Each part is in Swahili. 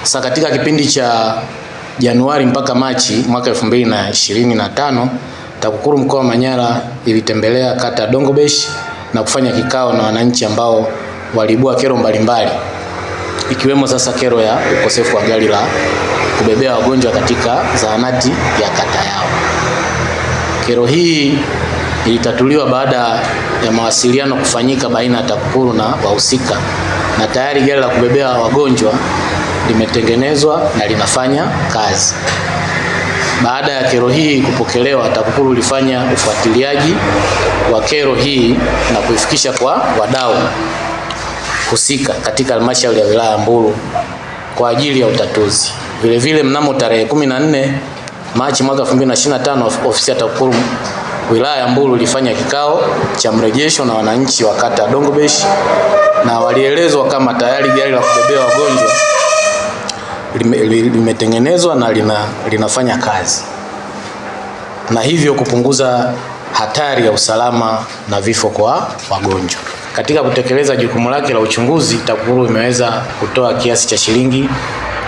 Sasa katika kipindi cha Januari mpaka Machi mwaka 2025 TAKUKURU mkoa wa Manyara ilitembelea kata Dongobesh na kufanya kikao na wananchi ambao waliibua kero mbalimbali mbali, ikiwemo sasa kero ya ukosefu wa gari la kubebea wagonjwa katika zahanati ya kata yao. Kero hii ilitatuliwa baada ya mawasiliano kufanyika baina ya TAKUKURU na wahusika, na tayari gari la kubebea wagonjwa limetengenezwa na linafanya kazi. Baada ya kero hii kupokelewa, TAKUKURU ulifanya ufuatiliaji wa kero hii na kuifikisha kwa wadau husika katika halmashauri ya wilaya ya Mbulu kwa ajili ya utatuzi. Vilevile, mnamo tarehe 14 Machi mwaka 2025 ofisi ya TAKUKURU wilaya ya Mbulu ilifanya kikao cha mrejesho na wananchi wa kata ya Dongobesh na walielezwa kama tayari gari la kubebea wagonjwa limetengenezwa na lina, linafanya kazi na hivyo kupunguza hatari ya usalama na vifo kwa wagonjwa. Katika kutekeleza jukumu lake la uchunguzi, TAKUKURU imeweza kutoa kiasi cha shilingi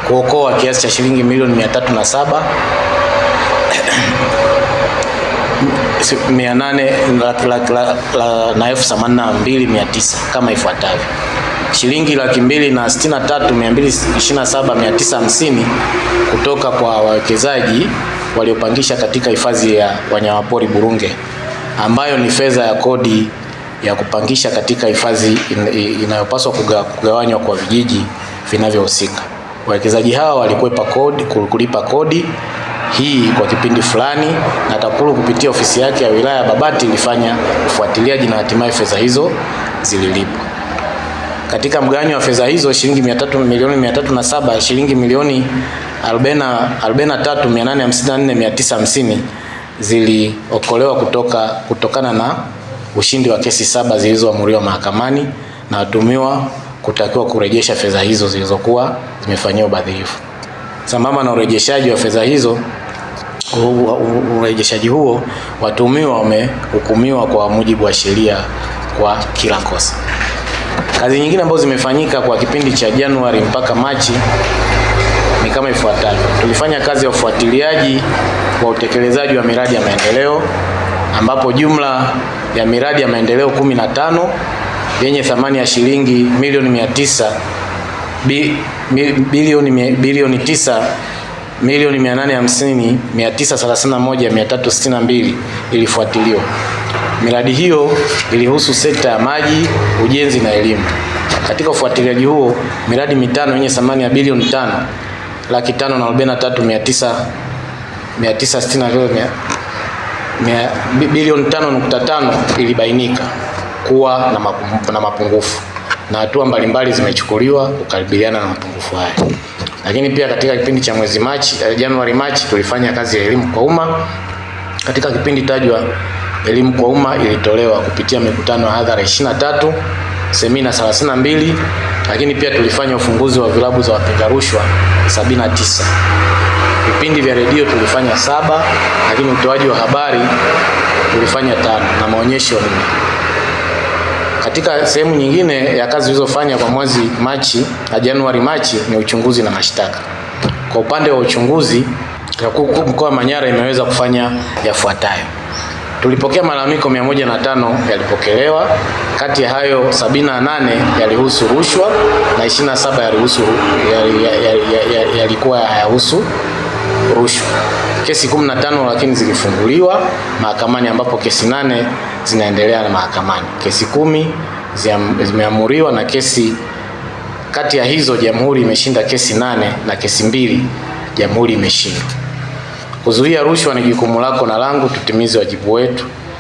kuokoa kiasi cha shilingi milioni 307 tatu na elfu themanini na mbili mia tisa kama ifuatavyo shilingi laki mbili na sitini na tatu mia mbili ishirini na saba mia tisa hamsini kutoka kwa wawekezaji waliopangisha katika hifadhi ya wanyamapori Burunge ambayo ni fedha ya kodi ya kupangisha katika hifadhi inayopaswa kugawanywa kwa vijiji vinavyohusika. Wawekezaji hawa walikwepa kodi, kulipa kodi hii kwa kipindi fulani, na TAKUKURU kupitia ofisi yake ya wilaya ya Babati ilifanya ufuatiliaji na hatimaye fedha hizo zililipwa. Katika mgawanyo wa fedha hizo shilingi mia tatu milioni mia tatu na saba shilingi milioni arobaini na tatu mia nane hamsini na nne mia tisa hamsini ziliokolewa kutoka, kutokana na ushindi wa kesi saba zilizoamuriwa mahakamani na watumiwa kutakiwa kurejesha fedha hizo zilizokuwa zimefanyiwa ubadhirifu. Sambamba na urejeshaji wa fedha hizo urejeshaji huo, watumiwa wamehukumiwa kwa mujibu wa sheria kwa kila kosa. Kazi nyingine ambazo zimefanyika kwa kipindi cha Januari mpaka Machi ni kama ifuatavyo. Tulifanya kazi ya ufuatiliaji wa utekelezaji wa miradi ya maendeleo ambapo jumla ya miradi ya maendeleo 15 yenye thamani ya shilingi milioni mia tisa bi, mi, bilioni, mi, bilioni tisa milioni mia nane hamsini mia tisa thelathini na moja mia tatu sitini na mbili ilifuatiliwa. Miradi hiyo ilihusu sekta ya maji, ujenzi na elimu. Katika ufuatiliaji huo, miradi mitano yenye thamani ya bilioni tano laki tano na arobaini na tatu mia tisa mia tisa sitini na mia, bilioni tano nukta tano ilibainika kuwa na, mapu, na mapungufu na hatua mbalimbali zimechukuliwa kukabiliana na mapungufu haya. Lakini pia katika kipindi cha mwezi Machi, eh, Januari Machi tulifanya kazi ya elimu kwa umma katika kipindi tajwa Elimu kwa umma ilitolewa kupitia mikutano ya hadhara tatu semina mbili lakini pia tulifanya ufunguzi wa vilabu za wapinga rushwa tisa Vipindi vya redio tulifanya saba, lakini utoaji wa habari tulifanya tano na maonyesho nne. Katika sehemu nyingine ya kazi zilizofanya kwa mwezi Machi na Januari Machi ni uchunguzi na mashtaka. Kwa upande wa uchunguzi, mkoa wa Manyara imeweza kufanya yafuatayo: Tulipokea malalamiko 105 yalipokelewa, kati ya hayo 78 yalihusu rushwa na 27 yalihusu yalikuwa hayahusu rushwa. Kesi 15 lakini zilifunguliwa mahakamani ambapo kesi nane zinaendelea na mahakamani. Kesi kumi zimeamuriwa na kesi kati ya hizo jamhuri imeshinda kesi nane na kesi mbili jamhuri imeshindwa. Kuzuia rushwa ni jukumu lako na langu, tutimize wajibu wetu.